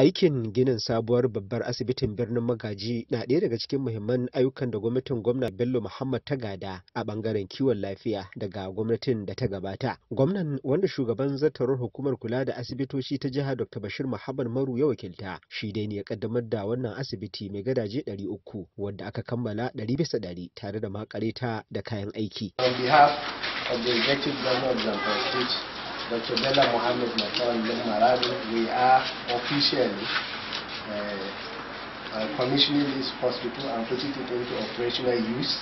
Aikin ginin sabuwar babbar asibitin birnin Magaji na ɗaya daga cikin muhimman ayyukan da gwamnatin gwamna Bello Muhammad ta gada a ɓangaren kiwon lafiya daga gwamnatin da ta gabata. Gwamnan wanda shugaban zartarwar hukumar kula da asibitoci ta jiha Dr. Bashir Muhammad Maru ya wakilta shi dai ne ya kaddamar da wannan asibiti mai gadaje 300 wanda aka kammala 100 bisa ɗari, tare da makareta da kayan aiki. On behalf of the executive governor of Dr. Bella Mohammed Marabi, we are officially uh, uh, commissioning this hospital and putting it into operational use.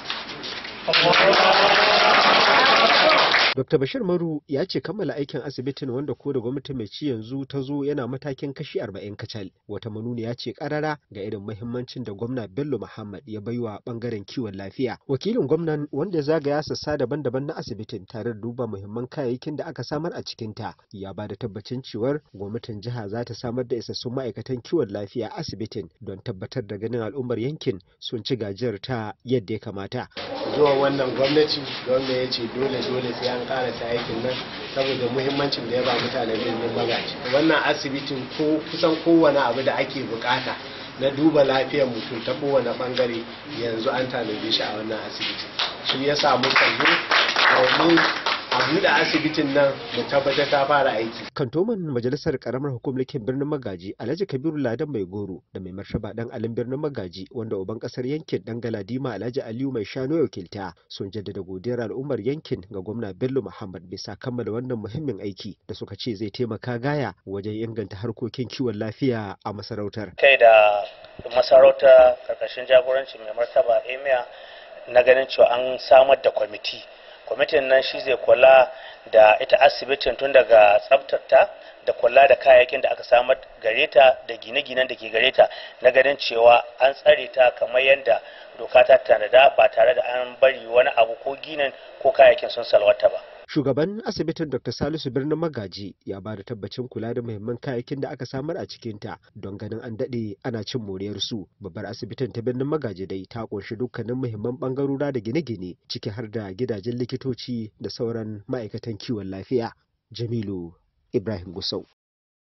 Dr. Bashir Maru ya ce kammala aikin asibitin wanda ko da gwamnati mai ci yanzu ta zo yana matakin kashi 40 kacal. Wata ya ce karara ga irin mahimmancin da gwamna Bello Muhammad ya baiwa bangaren kiwon lafiya. Wakilin gwamnan wanda ya zagaya sassa daban-daban na asibitin tare da duba muhimman kayayyakin da aka samar a cikin ta ya bada tabbacin cewar gwamnatin jiha za ta samar da isassun ma'aikatan kiwon lafiya asibitin don tabbatar da ganin al'ummar yankin sun ci gajiyar ta yadda ya kamata. zuwa wannan gwamnati gwamna ya ce dole dole sai an karasa aikin nan saboda muhimmancin da ya ba mutane birnin magaji wannan asibitin ko kusan kowane abu da ake bukata na duba lafiyar mutum ta kowane bangare yanzu an tanadi shi a wannan asibiti shi ya samu kallo domin buɗe asibitin nan mu tabbatar ta fara aiki. Kantoman majalisar karamar hukumar birnin Magaji Alhaji Kabiru Ladan Mai Goro da mai martaba dan alin birnin Magaji wanda uban kasar yankin dan Galadima Alhaji Aliyu Mai Shano ya wakilta sun jaddada godiyar al'ummar yankin ga gwamna Bello Muhammad bisa kammala wannan muhimmin aiki da suka ce zai taimaka gaya wajen inganta harkokin kiwon lafiya a masarautar. Kai da masarautar karkashin jagoranci mai martaba Emiya na ganin cewa an samar da kwamiti kwamitin nan shi zai kula da ita asibitin tun daga tsabtata da kula da kayayyakin da aka samar gareta da gine-ginen da ke gareta na ganin cewa an tsare ta kamar yadda doka ta tanada ba tare da an bari wani abu ko ginin ko kayayyakin sun salwata ba Shugaban asibitin Dr. Salisu Birnin Magaji ya ba da tabbacin kula da muhimman kayayyakin da aka samar a cikinta don ganin an daɗe ana cin moriyar su. Babbar asibitin ta Birnin Magaji dai ta ƙunshi dukkanin muhimman ɓangarora da gine-gine ciki har da gidajen likitoci da sauran ma'aikatan kiwon lafiya. Jamilu Ibrahim Gusau.